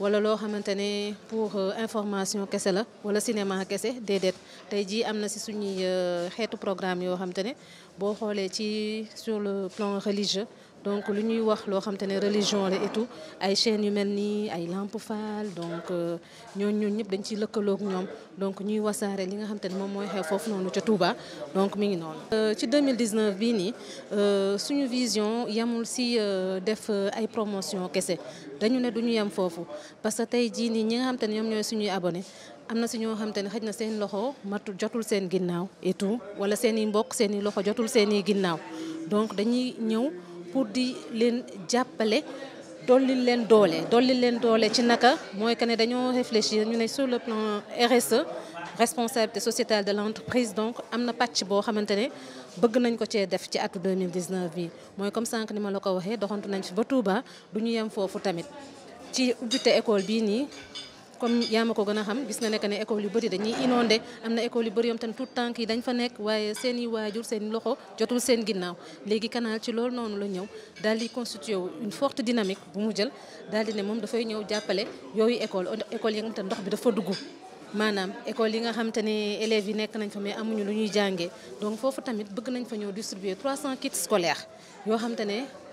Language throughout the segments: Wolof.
wala pour euh, information kese wala cinéma kese déedéet tey jii am euh, programme sur le plan religieux donc lu ñuy wax loo xam te ne religion la et tout ay chaînes yu mel nii ay lampe Fall donc euh, ñooñu ñëpp dañ ci lëkkaloog ñoom donc ñuy wasaare li nga xam te ne moom mooy xew foofu noonu ca Touba donc mi ngi noonu. Euh, ci 2019 bii nii euh, suñu vision yamul si def ay promotion kese dañu ne du ñu yem foofu parce que tey jii nii ñi nga xam te ne ñoom ñooy suñuy abonné. am na si ñoo xam te ne xëj na seen loxo matu jotul seen ginnaaw et tout wala seen i mbokk seen i loxo jotul seen i ginnaaw donc dañuy ñëw pour di leen jàppale dolli leen doole dolli leen doole ci naka moy que ne dañoo réfléchir ñu né sur le plan RSE responsable sociétale de l'entreprise donc amna patch bo xamantene xamante bëgg nañ ko ci def ci atu 2019 bi moy comme ça, ni ma la ko waxé doxantu nañ ci ba Touba duñu ñu fofu tamit ci ubité école bi ni comme yaa ma ko xam gis na nekk ne école yu bëri dañuy inondé amna école yu bëri yom tamit tout temps ki dañ fa nek waaye seen i waajur seen loxo jotul seen ginnaw légui canal ci lool nonu la ñëw dal di constituer une forte dynamique bu mu jël dal di ne da fay ñëw jappalé yoyu école école yi nga xam ndox bi fa dugg manam école yi nga xam te élèves yi nek nañ fa mais amuñu lu ñuy jàngé donc fofu tamit bëgg nañ fa ñëw distribuer 300 kits scolaires yo xam te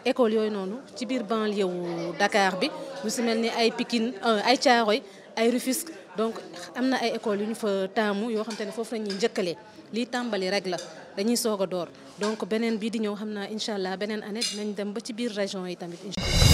école yooyu nonu ci biir banlieue wu Dakar bi lu si mel ay Pikine euh, ay Thiaroye ay Rufisque donc am na ay école yu ñu fa taamu yoo xam te ne foofu la ñuy njëkkalee lii tàmbali rek la dañuy soog a door donc beneen bii di ñëw xam naa incha allah beneen année dinañ dem ba ci biir région yi tamit incha